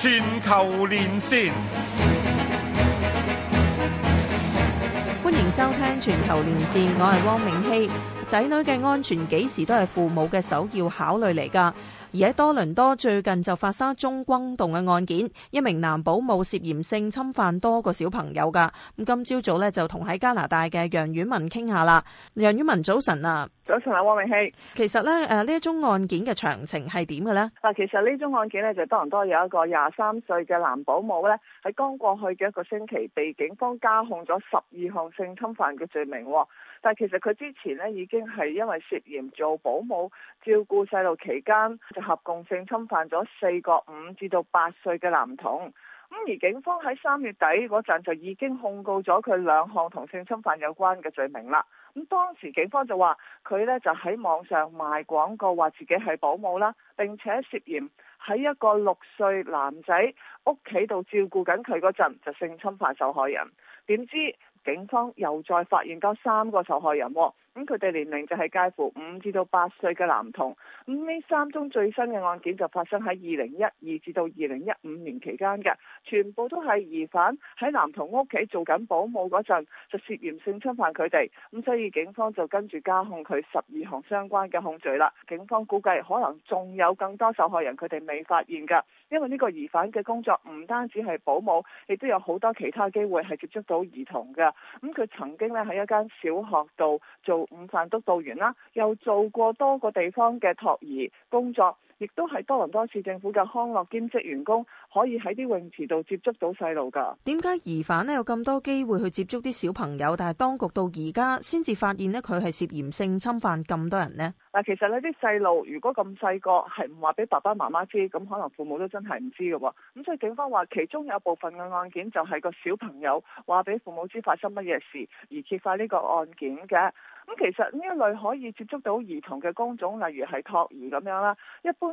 全球連線，歡迎收聽全球連線，我係汪溟曦。仔女嘅安全幾時都係父母嘅首要考慮嚟㗎。而喺多倫多最近就發生一宗轟動嘅案件，一名男保姆涉嫌性侵犯多個小朋友㗎。咁今朝早咧就同喺加拿大嘅楊婉文傾下啦。楊婉文，早晨啊，早晨啊，汪溟曦。其實咧誒呢一宗案件嘅詳情係點嘅呢？嗱，其實呢宗案件呢，就多倫多有一個廿三歲嘅男保姆呢，喺剛過去嘅一個星期被警方加控咗十二項性侵犯嘅罪名喎。但係其實佢之前呢已經係因為涉嫌做保姆照顧細路期間，就合共性侵犯咗四個五至到八歲嘅男童。咁而警方喺三月底嗰陣就已經控告咗佢兩項同性侵犯有關嘅罪名啦。咁當時警方就話佢呢就喺網上賣廣告，話自己係保姆啦，並且涉嫌。喺一個六歲男仔屋企度照顧緊佢嗰陣就性侵犯受害人，點知警方又再發現多三個受害人，咁佢哋年齡就係介乎五至到八歲嘅男童，咁呢三宗最新嘅案件就發生喺二零一二至到二零一五年期間嘅，全部都係疑犯喺男童屋企做緊保姆嗰陣就涉嫌性侵犯佢哋，咁所以警方就跟住加控佢十二項相關嘅控罪啦。警方估計可能仲有更多受害人，佢哋未。未發現㗎，因為呢個疑犯嘅工作唔單止係保姆，亦都有好多其他機會係接觸到兒童㗎。咁佢曾經咧喺一間小學度做午飯督導員啦，又做過多個地方嘅托兒工作，亦都係多倫多市政府嘅康樂兼職員工，可以喺啲泳池度接觸到細路㗎。點解疑犯咧有咁多機會去接觸啲小朋友，但係當局到而家先至發現咧佢係涉嫌性侵犯咁多人咧？嗱，其實咧啲細路如果咁細個，係唔話俾爸爸媽媽知。咁可能父母都真係唔知嘅，咁所以警方話其中有部分嘅案件就係個小朋友話俾父母知發生乜嘢事而揭發呢個案件嘅。咁其實呢一類可以接觸到兒童嘅工種，例如係托兒咁樣啦。一般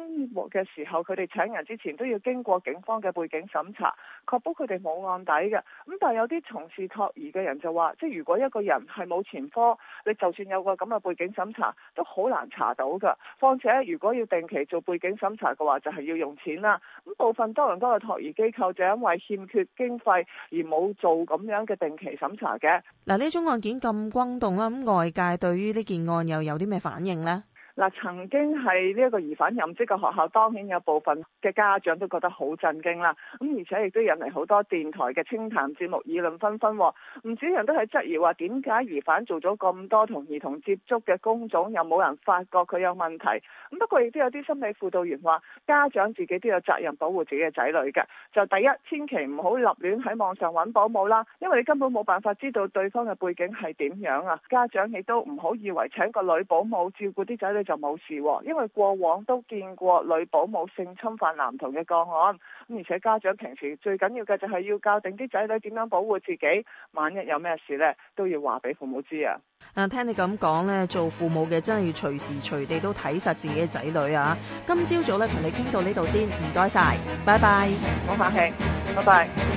嘅時候，佢哋請人之前都要經過警方嘅背景審查，確保佢哋冇案底嘅。咁但係有啲從事托兒嘅人就話，即係如果一個人係冇前科，你就算有個咁嘅背景審查，都好難查到㗎。況且，如果要定期做背景審查嘅話，就係要用錢啦。咁部分多倫多嘅托兒機構就因為欠缺經費而冇做咁樣嘅定期審查嘅。嗱，呢種案件咁轟動啦，咁外界，但係，對於呢件案又有啲咩反應咧？嗱，曾經係呢一個疑犯任職嘅學校，當然有部分嘅家長都覺得好震驚啦。咁而且亦都引嚟好多電台嘅清談節目議論紛紛，唔少人都係質疑話點解疑犯做咗咁多同兒童接觸嘅工種，有冇人發覺佢有問題？咁不過亦都有啲心理輔導員話，家長自己都有責任保護自己嘅仔女嘅。就第一，千祈唔好立亂喺網上揾保姆啦，因為你根本冇辦法知道對方嘅背景係點樣啊！家長亦都唔好以為請個女保姆照顧啲仔女。就冇事喎，因為過往都見過女保姆性侵犯男童嘅個案，咁而且家長平時最緊要嘅就係要教定啲仔女點樣保護自己，萬一有咩事咧都要話俾父母知啊。嗱，聽你咁講咧，做父母嘅真係要隨時隨地都睇實自己嘅仔女啊。今朝早咧同你傾到呢度先，唔該晒，拜拜。冇反氣，拜拜。